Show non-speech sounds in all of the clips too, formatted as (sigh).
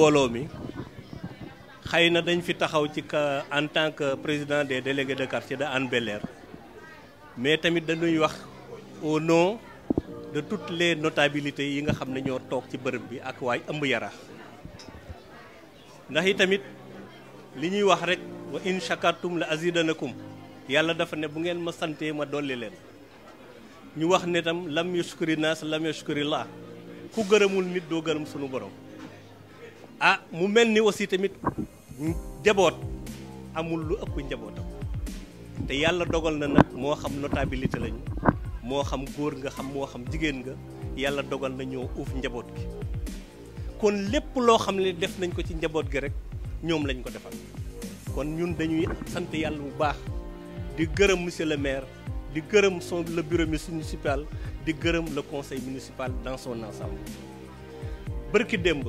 Wolomi, mi xëy dañ fi taxaw ci en tant que président des délégués de quartier de Anne Beller mais tamit dañuy wax au nom de toutes les notabilités yi nga xam ñoo tok ci bërb bi ak way ëmb yara ndax tamit li ñuy wax rek wa in shakartum la azidanakum yalla dafa ne bu ngeen ma santé ma dolli leen ñu wax ne tam lam yuskuri lam yuskuri ku gëremul nit do gërëm suñu borom ah mu melni aussi tamit jabot amul lu ëpp njabootam te yalla dogal na nak mo xam notabilité lañ mo xam goor nga xam mo xam jigen nga yalla dogal na ñoo uuf njaboot gi kon lepp lo xam ne def nañ ko ci njaboot gi rek ñom lañ ko defal kon ñun dañuy sante yalla bu baax di gëreum monsieur le maire di gëreum son le bureau municipal di gëreum le conseil municipal dans son ensemble barki demb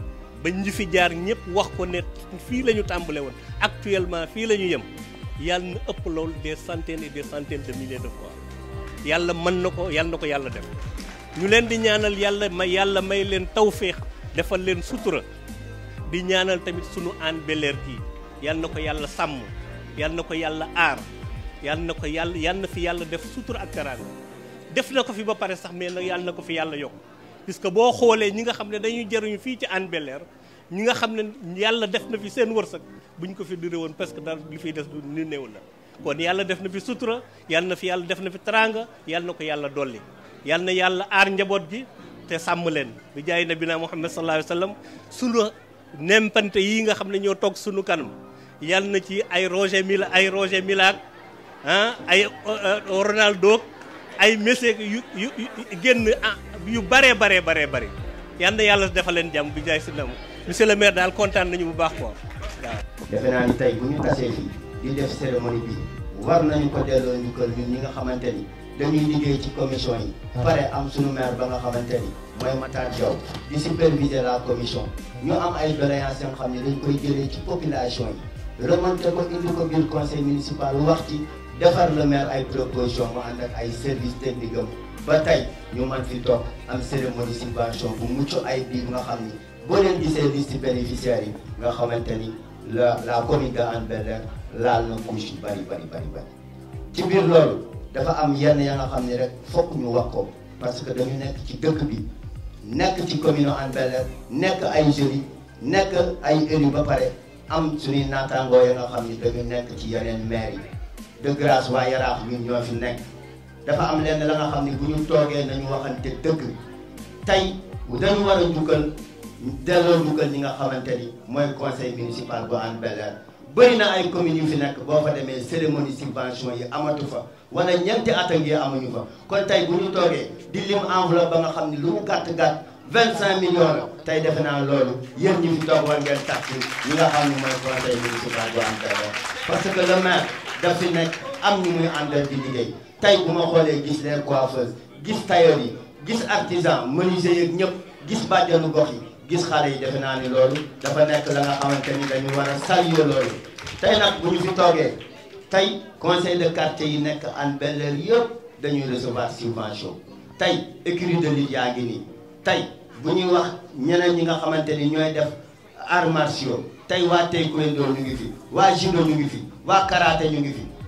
bañ ñu fi jaar ñëpp wax ko ne fii la ñu tàmbale woon actuellement fii la ñu yem yàlla na ëpp loolu des centaines et des centaines de milliers de fois yàlla mën na ko yàlla na ko yàlla def ñu leen di ñaanal yàlla ma yàlla may leen tawféex defal leen sutura di ñaanal tamit sunu aan beleer gi yàlla na ko yàlla sàmm yàlla na ko yàlla aar yàlla na ko yàlla yàlla fi yàlla def sutura ak teraanga def na ko fi ba pare sax mais nag yàlla na ko fi yàlla yokk puisque bo xolé ñi nga xamné dañuy jëriñu fi ci Anne Beller ñi nga xamné Yalla def na fi seen wërsëg buñ ko fi dire won parce que dara li fi def du ni néew la kon Yalla def na fi sutura Yalla na fi Yalla def na fi teranga Yalla nako Yalla dolli yàlla na Yalla ar njabot bi té sam leen bi jaay na bina muhammad sallallahu Alaihi wasallam sulu nempante yi nga xamné ñoo tok sunu kanam Yalla na ci ay Roger Mila ay Roger Mila ah ay euh, euh, Ronaldo ay Messi yu genn ah, yu baree baree baree bëri yal yàlla defal leen jàmm bi jaay si nam monsieur le maire daal kontaan nañu bu baax quoi waaw. defe naa ni tey ñu def cérémonie bi war nañu ko delloo njukkal bi ñi nga xamante ni dañuy liggéey ci commission yi. Ah. pare am sunu maire ba nga xamante ni mooy Matar Diaw di superviser la commission. ñu am ay doléances yoo xam ne dañ koy jëlee ci population yi. remonté ko indi ko biir conseil municipal wax ci defar le ay proposition mu ànd ak ay service techniques am ba tey ñu man fi toog am cérémonie subvention bu mucc ay bii nga xam ni boo leen gisee liste bénéficiaires yi nga xamante ni la la commune de Hann Bel-Air laal na couche bari bari bari bari ci biir loolu dafa am yenn ya nga xam ni rek fokk ñu wax ko parce que dañu nekk ci dëkk bi nekk ci commune Hann bel nekk ay jeunes nekk ay élus ba pare am suñuy naataangoo ya nga xam ni dañu nekk ci yeneen maires yi de grâce waa Yaraax ñun ñoo fi nekk dafa am lenn la nga xam ne bu ñu toogee nañu waxante dëgg tey dañu war a njukkal delloo njukkal ñi nga xamante ni mooy conseil municipal bu Hann bel bëri na ay communes yu fi nekk boo fa demee cérémonie subvention yi amatu fa wala ñeenti at a ngi amuñu fa kon tey bu ñu toogee di lim ba nga xam ne lu mu gàtt gàtt vingt cinq millions la tey defe naa loolu yéen ñi fi toog ngeen tàkk ñi nga xam ne mooy conseil municipal bu Hann bel parce que le maire daf fi am ñu muy àndal di tey bu ma xoolee gis les coiffeuses gis tailleur yi gis artisan menuisier yeeg ñëpp gis bàjjanu gox yi gis xale yi defe naa ni loolu dafa nekk la nga xamante ni dañu war a saluer loolu tey nag bu ñu fi toogee tey conseil de quartier yi nekk Hann bel yëpp dañuy recevoir subvention tey écurie de lutte yaa ngi nii tey bu ñuy wax ñeneen ñi nga xamante ni ñooy def arts martiaux tey waa taekwondo ñu ngi fi waa judo ñu ngi fi waa karaté ñu ngi fi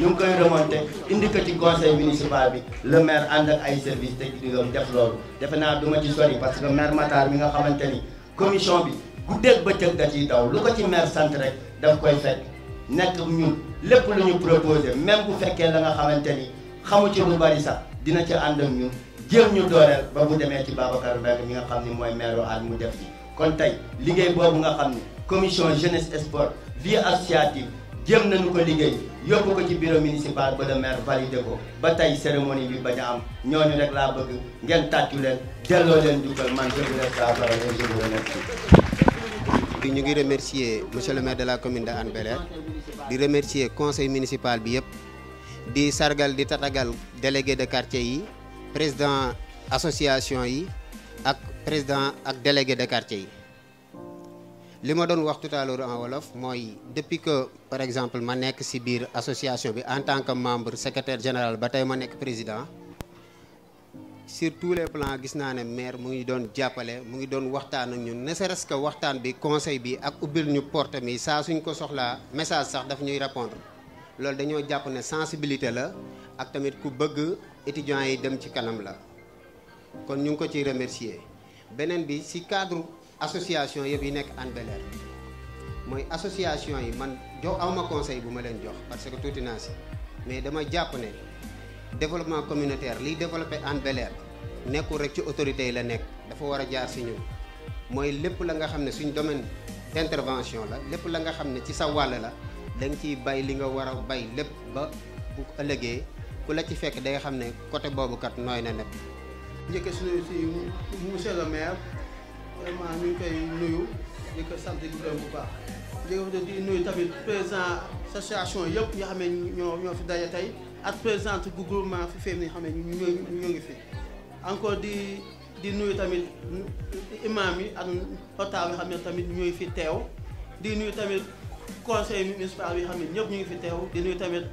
ñu ngi koy remonté indi ko ci conseil municipal bi le maire ànd ak ay service technique am def loolu defe naa du ci sori parce que maire Matar mi nga xamante ni commission bi guddeeg bëccëg da ciy daw lu ko ci maire sant rek daf koy fekk nekk ñun lépp lu ñu proposé même bu fekkee la nga xamante ni xamu ci lu bari sax dina ci ànd ak ñun jéem ñu dooleel ba bu demee ci Babacar Mbengue mi nga xam ni mooy maire aan mu def ci kon tey liggéey boobu nga xam ni commission jeunesse sport vie associative jéem nañu ko liggéey yóbbu ko ci bureau municipal ba le maire validé ko ba tey cérémonie bi bañ a am ñooñu rek laa bëgg ngeen tàccu leen delloo leen jukkal man je vous laisse la parole je vous remercie. ñu ngi remercier monsieur le maire de la commune de Hann bel di remercier conseil municipal bi yëpp di sargal di tatagal délégué de quartier yi président association yi ak président ak délégué de quartier yi li ma doon wax tout à l'heure en wolof mooy depuis que par exemple ma nekk ci biir association bi en tant que membre secrétaire général ba tey ma nekk président sur tous les plans gis naa ne maire mu ngi doon jàppale mu ngi doon waxtaan ak ñun ne serait-ce que waxtaan bi conseil bi ak ubbil ñu porte mi saa suñ ko soxlaa message sax daf ñuy répondre loolu dañoo jàpp ne sensibilité la ak tamit ku bëgg étudiant yi dem ci kanam la kon ñu ngi ko ciy remercier beneen bi ci cadre association yëpp yi nekk Hann bel mooy association yi man jox awma conseil bu ma leen jox parce que tuuti naa si mais dama jàpp ne développement communautaire liy développé Hann Bel-Air nekkul rek ci autorités yi la nekk dafa war a jaar si ñun mooy lépp la nga xam ne suñ domaine d'intervention la lépp la nga xam ne ci sa wàll la da ciy bay li nga war a bay lépp ba bu ëllëgee ku la ci fekk day xam ne côté boobu kat nooy na nekk. njëkkee suñu si monsieur le maire. vraiment ñu ngi koy nuyu di ko sant di gërëm bu baax di di nuyu tamit président association yëpp yoo xam ne ñoo ñoo fi daje tey ak présidente groupement fi féem ni xam ne ñu ñoo ngi fi encore di di nuyu tamit imam yi ak otaw yi xam tamit ñoy fi tew di nuyu tamit conseil municipal yi xam ñepp ñëpp ñu ngi fi tew di nuyu tamit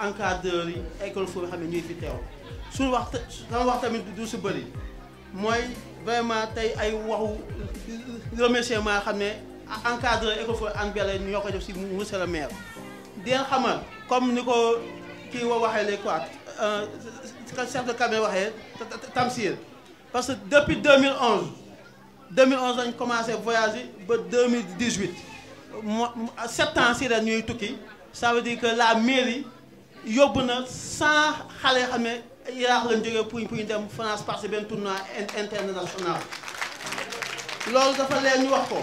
encadreur yi école fo xam ne fi tew suñu wax sama wax tamit du si bëri moy vraiment tay ay waxu remercier ma xamné qui monsieur le maire. xamal comme euh, de cabinet parce que depuis 2011 2011 commence commencé voyager ba 2018 7 ans ci ñuy ça veut dire que la mairie Yobuna, sans 100 yaraax lañ jógee pour pour dem France parce que benn tournoi international loolu dafa leen ñu wax ko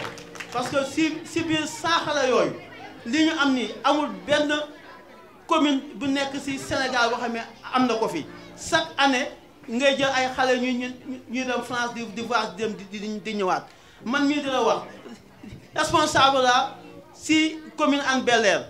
parce que si si biir saaxala la li ñu am ni amul benn commune bu nekk si Sénégal boo xam amna am ko fi chaque année ngay jël ay xale ñu ñu ñuy dem France de di voyage dem di di ñëwaat man mii di la wax responsable la si commune Hann Belair.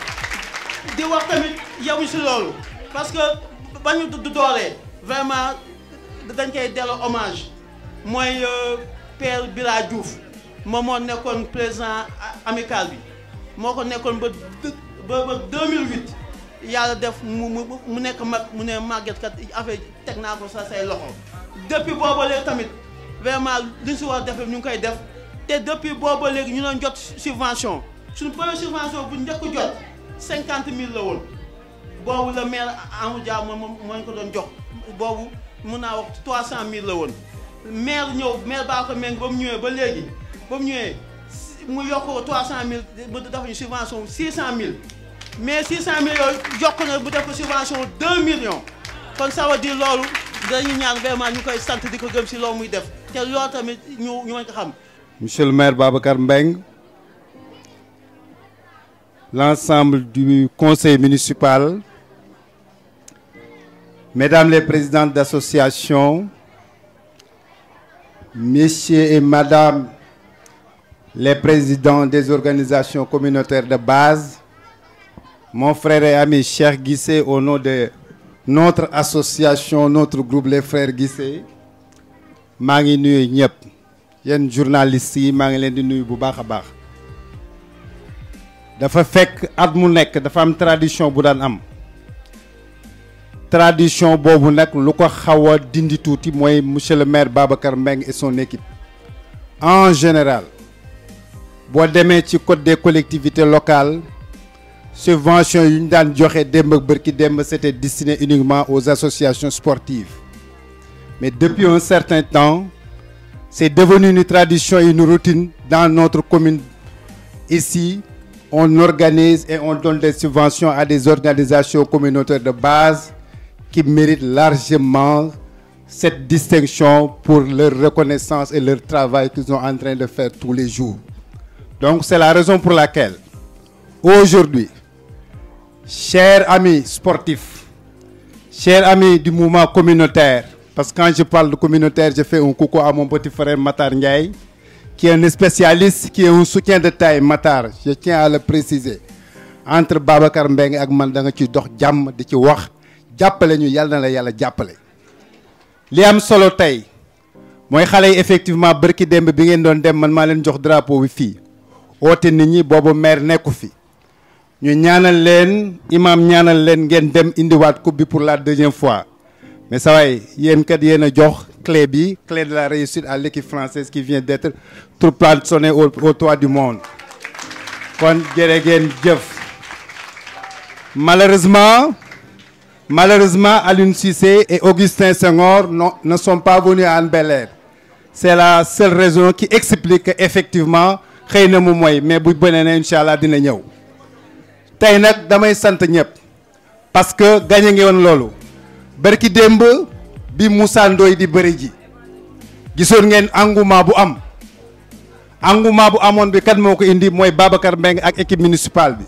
di wax tamit yabu si loolu parce que ba ñu du doolee vraiment dañ koy delloo hommage mooy euh, père Bira Diouf moom moo nekkoon président amical bi moo ko nekkoon ba ba ba 2008 yàlla def mu mu nekk mag mu ne màgget kat affaire teg naa ko sa say loxo depuis booba léegi tamit vraiment li ñu si war a def ñu ngi koy def te depuis booba léegi ñu doon jot subvention suñu première subvention bu njëkk jot 50 mil la woon boobu la maire Amadou Dia mo moo ko o jox boobu mun naa wax trois cent mille la woon maire ñëw maire baa ko méng ba mu ñëwee ba léegi ba mu ñëwee mu yokk trois cent mille mu def ñu subvention 600 mil mille mais six cent mille yooyu yokk na bu def ko subvention deux millions kon ça veut dire a dañu ñaan vraiment ñu koy sant gëm si loolu muy def te a tamit ñu ñu mën ko xam monsieur le maire Babacar Mbengue l'ensemble du conseil municipal, mesdames les présidentes d'associations, messieurs et madame les présidents des organisations communautaires de base, mon frère et ami cher Guissé, au nom de notre association, notre groupe Les Frères Guissé, je suis Nyep, je suis journalistes Mangi fait fekk at mu nekk dafa am tradition bu daan am tradition boobu nag lu ko dindi tuuti mooy monsieur le maire Babacar Meng et son équipe en général boo demee ci code des collectivités locales subvention yu ñu daan joxe démb ak c'était destiné uniquement aux associations sportives mais depuis un certain temps c'est devenu une tradition et une routine dans notre commune ici on organise et on donne des subventions à des organisations communautaires de base qui méritent largement cette distinction pour leur reconnaissance et leur travail qu'ils sont en train de faire tous les jours. Donc c'est la raison pour laquelle aujourd'hui, chers amis sportifs, chers amis du mouvement communautaire, parce que quand je parle de communautaire, je fais un coucou à mon petit frère Matar Ndiaye, qui est un spécialiste, qui est un soutien de taille, Matar, je tiens à le préciser. Entre Babacar Mbeng ak man da nga ciy dox jàmm di ci wax jàppale ñu yàlla na la yàlla jàppale. li am solo Tay, mooy xale effectivement bërki Dembe, bi ngeen doon dem man maa leen jox drapeau bi fii oote nit ñi boobu maire nekku fi. ñu ñaanal leen imam ñaanal leen ngeen dem indiwaat coupe bi pour la deuxième fois mais ça va, il y a une clé clé de la réussite à l'équipe française qui vient d'être trop au au toit du monde malheureusement malheureusement Sissé Cissé et Augustin Senghor ne sont pas venus à anne Bel-Air c'est la seule raison qui explique que effectivement a na de mais il y ne incha de dina ñëw tey nag damay sant ñëpp parce que gagné lolo. barki demb bi Moussa Ndoye di beuri ji gisone ngeen engouement bu am engouement bu amone bi kat moko indi moy Babacar Meng ak équipe municipale bi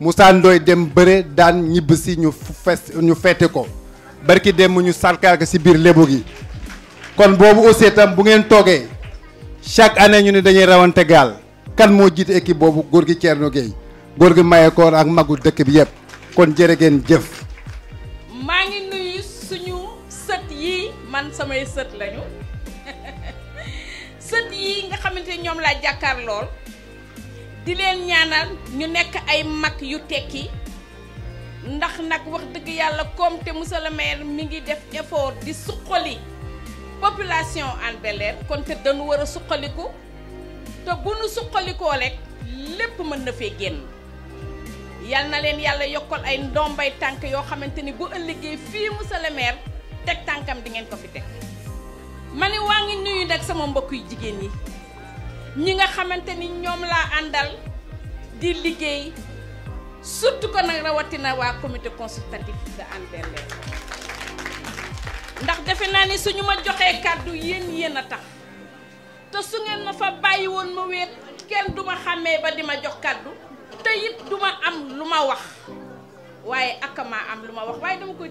Moussa Ndoye dem bëre daan ñibbisi ñu fes ñu fete ko barki demb ñu sarkaal ko gi kon bobu aussi itam bu ngeen toogee chaque année ñu ni dañuy rawante gal kan moo jiite équipe gor gui cierno Thierno gor gui maye ak magu dekk bi kon jërë ngeen jëf. samay sët lañu (laughs) sët yi nga xamante ñoom laa jàkkaar lool di leen ñaanal ñu nekk ay mag yu tekki ndax nag wax dëgg yàlla koom te monsieur le mi ngi def effort di suqali population Hann bel kon te dañu war a suqaliku te bu nu suqalikoo rek lépp mën na fee génn yal na leen yàlla yokkal ay ndombay tànk yoo xamante ni bu ëllëgee fii monsieur le Tek tankam di ngeen ko fi tek mané waangi nuyu nak sama mbokk yi jigen yi ñi nga xamanteni ñom la andal di liggéey surtout ko rawati rawatina wa comité consultatif de Hann ndax defé na ni suñu ma joxé cadeau yeen yeena tax te su ngeen ma fa bayyi won ma wéet kenn duma xamé ba di jox cadeau te yit duma am luma wax waye akama am luma wax waye dama koy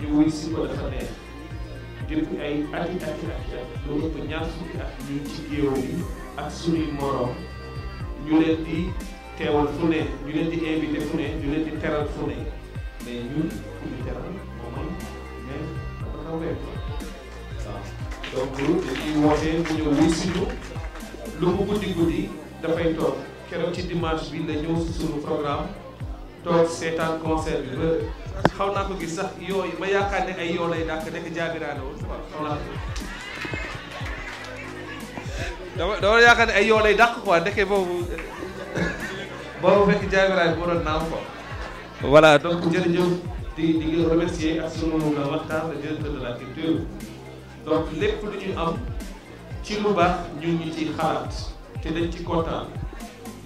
ñu wuy si ko dafa neex depuis ay ati ati ati at lu ëpp ñaar fukki at ñu ci géew bi ak suñuy moroom ñu leen di teewal fu ne ñu leen di invité fu ne ñu leen di teral fu ne mais ñun ku ñu teral moom mooy mais dafa kaw rek waaw donc dañuy wootee mu ñëw wuy si lu mu guddi guddi dafay toog keroog ci dimanche bi la ñëw suñu programme toog seetaan concert bi ba xaw naa ko gis sax yooyu ma yaakaar ne ay yoo lay dàkk nekk jaabiraane woon quoi xaw naa yaakaar ne ay yoo lay dàq quoi ndeke boobu boobu fekk jaabiraane boo doon naaw quoi donc jërëjëf di di ngi remercier ak sunu waxtaan le directeur de la culture donc lépp lu ñu am ci lu baax ñu ngi ci xalaat te dañ ci kontaan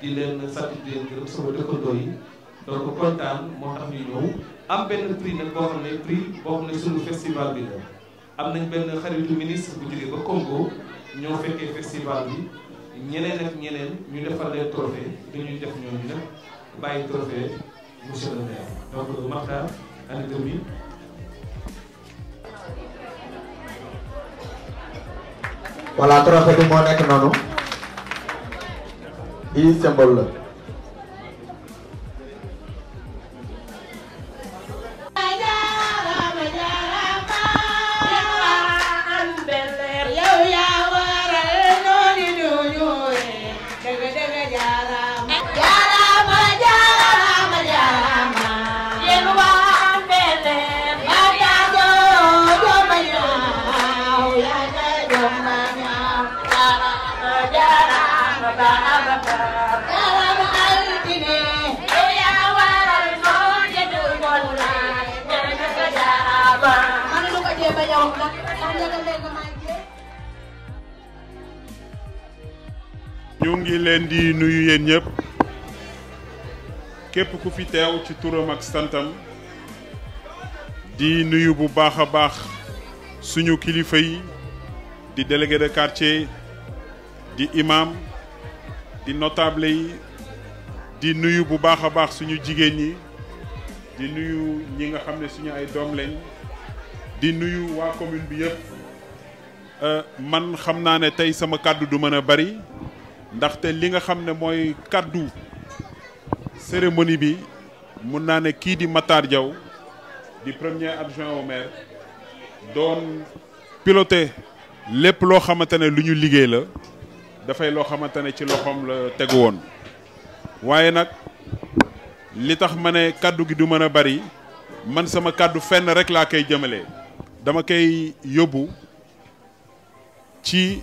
di leen sant di leen gërëm dëkkandoo yi donc kontaan moo tax ñu ñëw am benn prix nag boo xam ne prix boo xam ne suñu festival bi la am nañ benn xaritu ministre bu jógee ba Congo ñoo fekkee festival bi ñeneen ak ñeneen ñu defal leen trophée dañuy def ñooñu nag bàyyi trophée monsieur le maire donc Makhtar année 2000 voilà trophée bi moo nekk noonu lii symbole la ñu ngi leen di nuyu yéen ñëpp képp ku fi teew ci turam ak santam di nuyu bu baax a baax suñu kilifa yi di délégué de quartier di imam di notable yi di nuyu bu baax a baax suñu jigéen ñi di nuyu ñi nga xam ne suñu ay doom lañ di nuyu waa commune bi yëpp euh, man xam naa ne tey sama kàddu du mën a bari ndaxte li nga xam ne mooy kàddu cérémonie bi mun naa ne kii di Matar Diaw di premier adjoint au maire doon piloté lépp loo xamante ne lu ñu liggéey la dafay loo xamante ne ci loxoom la tegu woon waaye nag li tax ma ne kàddu gi du mën a bari man sama kàddu fenn rek laa koy jëmale dama koy yóbbu ci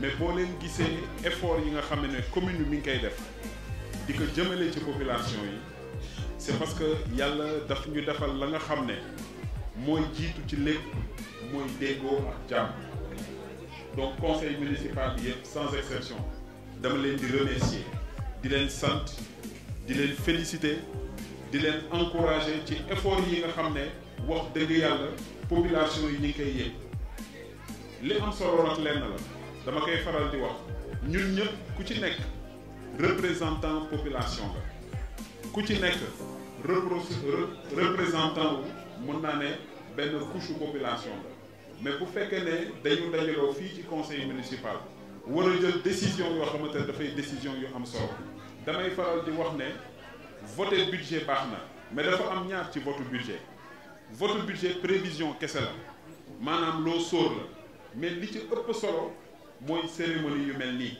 mais pour les gisee effort yi nga xam commune mi population c'est parce que yàlla daf ñu defal la nga ci ak donc conseil municipal sans exception dama leen di remercier di leen féliciter di leen encourager ci effort yi nga population yi li am solo dama koy faral di wax ñun ñëpp ku ci nekk représentant population la ku ci nekk représentant wu mën ben ne benn couche population la mais bu fekkee ne dañu dajaloo fii ci conseil municipal war a jël décision yoo xamante ne dafay décision yu am solo damay faral di wax ne voter budget baax na mais dafa am ñaar ci vote budget vote budget prévision kese la maanaam loo sóor la mais li ci ëpp solo moy cérémonie yu mel nii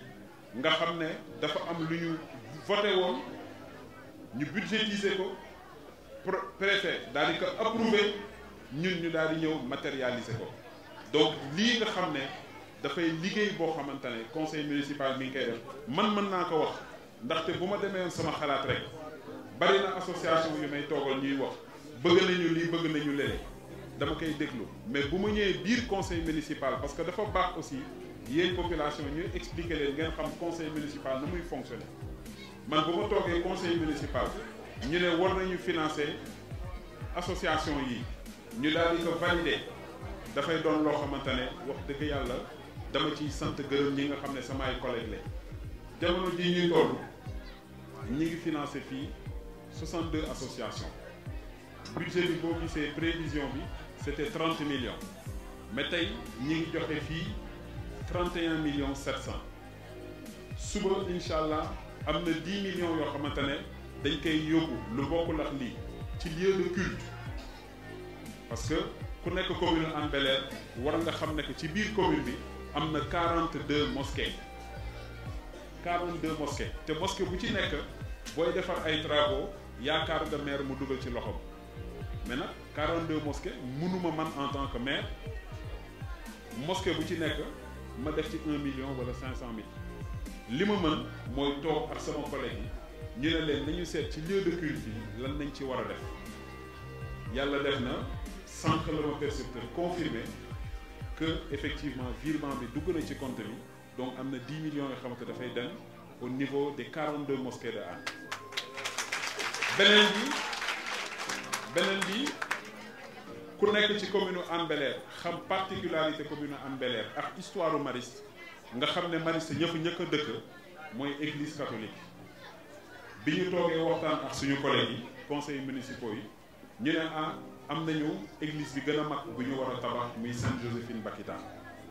nga xam ne dafa am lu ñu voté woon ñu budgétiser ko préfet daal di ko approuvé ñun ñu daal di ñëw matérialiser ko donc lii nga xam ne dafay liggéey boo xamante ne conseil municipal mi ngi koy def man mën naa ko wax ndaxte bu ma demee sama xalaat rek bari na association yu may toogal ñuy wax bëgg nañu lii bëgg nañu leneen dama koy déglu mais bu ma ñëwee biir conseil municipal parce que dafa baax aussi yéen population ñu expliquer leen ngeen xam conseil municipal nu muy fonctionner man conseil municipal ñu ne war nañu financer association yi ñu daal ko valider dafay doon loo xamante ne wax dëgg yàlla dama ciy sant gërëm ñi nga xam ne collègues lañ jamono ji ñuy toll ñi financer 62 associations Le budget bi boo c'est prévision c'était 30 millions mais tey ñi ngi joxe fii. 31 millions 700 suba inshallah il 10 millions yo xamantene dañ koy lu lieu de culte parce que ku nek commune en war nga commune bi 42 mosquées 42 mosquées te mosquée bu ci nek boy defar ay travaux 000 de maire mu ci mais 42 mosquées en tant que maire mosquée bu ci ma acheté 1 million ou 500 000 Ce ma mën mooy toog ak sama collègue yi ñu ne leen nañu seet ci lieu de culte yi lan nañ ci war a def yàlla def na centre la ma a confirmé que effectivement virement bi dugg ci compte bi donc y a 10 millions yoo xam au niveau des 42 mosquées de an ku nekk ci commune Hann xam particularité commune Hann ak histoire Mariste nga xam ne Mariste ñëpp ñëkk a dëkk mooy église catholique bi ñu toogee waxtaan ak suñu collègues yi municipal municipaux yi ñu ne ah am nañu église bi gën a mag bu ñu war a tabax muy Sainte Joséphine Bakitaan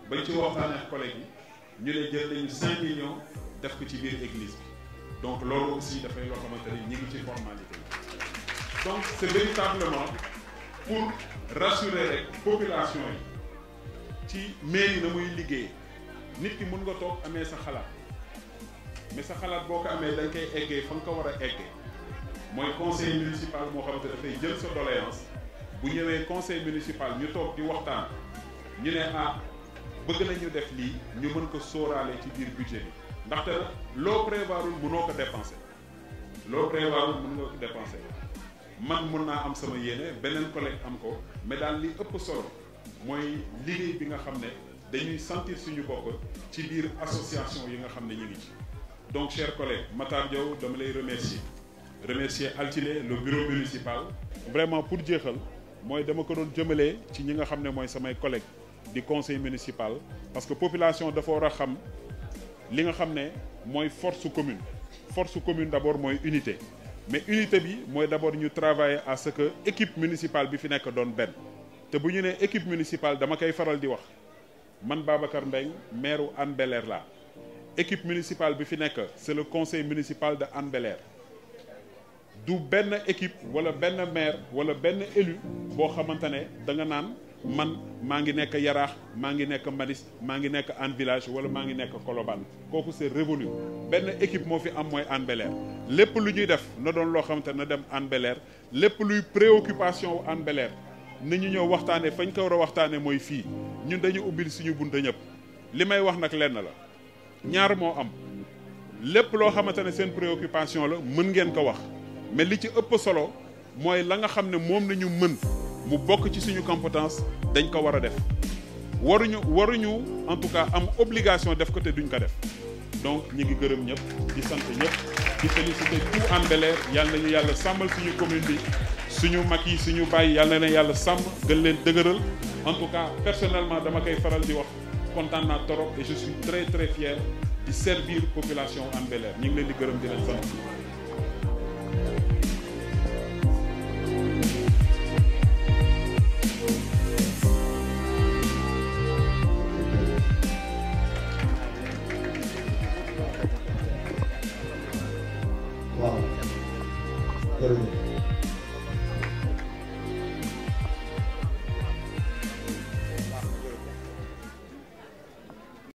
bañ ci waxtaan ak collègues yi ñu ne jël nañu 5 millions def ko ci biir église bi donc loolu aussi dafay loo xamante ni ñu ngi ci formalité yi donc c'est véritablement pour rassurer rek population yi ci mairie na muy liggéey nit ki mën nga tok amé sa xalaat mais sa xalaat boko amé amee dañ koy eggee fa ko wara éggé moy conseil municipal mo xam te dafay jël sa doléance bu ñëwé conseil municipal ñu tok di waxtaan ñu né ah bëgg nañu def li ñu mën ko sóoraale ci biir budget bi té lo prévoirul mënoo ko dépenser lo prévoirul mën nga ko dépenser man mun naa am sama yéene beneen collègue am ko mais daal li ëpp solo mooy liggéey bi nga xam ne dañuy sentir suñu bopp ci biir association yi nga xam ne ñu ngi ci. donc cher collègues Matar Diaw dama lay remercier remercier Altine le bureau municipal. vraiment pour jeexal mooy dama ko doon jëmalee ci ñi nga xam ne mooy samay collègues di conseil municipal parce que population dafa war a xam li nga xam ne mooy force commune force commune d'abord mooy unité mais unité bi moy d'abord ñu travailler à ce que équipe municipale bi fi nek doon ben te bu ñu équipe municipale dama kay faral di wax man Babacar maire de la équipe municipale bi fi c'est le conseil municipal de anne bel du ben équipe wala ben maire wala ben élu bo xamante da nga man maa ngi nekk Yaraax maa ngi nekk Malis maa ngi nekk Hann Village wala maa ngi nekk Colobane kooku c'est révolu benn équipe moo fi am mooy Hann bel lépp lu ñuy def na doon loo xamante na dem Hann bel lépp luy préoccupation wu Hann bel na ñu ñëw waxtaanee fañ ko war a waxtaanee mooy fii ñun dañu ubbil suñu bunta ñëpp li may wax nag lenn la ñaar moo am lépp loo xamante ne seen préoccupation la mën ngeen ko wax mais li ci ëpp solo mooy la nga xam ne moom la ñu mën. mu bokk ci suñu compétence dañ ko war a def waruñu waruñu en tout cas am obligation def ko te duñ ko def donc ñu ngi gërëm ñëpp di sant ñëpp di félicité tout Hann Bel-Air yàlla nañu yàlla sàmmal suñu commune bi suñu mag yi suñu bàyyi yàlla na leen yàlla sàmm gën leen dëgëral en tout cas personnellement dama koy faral di wax content naa torop et je suis très très fier di servir population Hann Bel-Air ñu ngi leen di gërëm di leen sant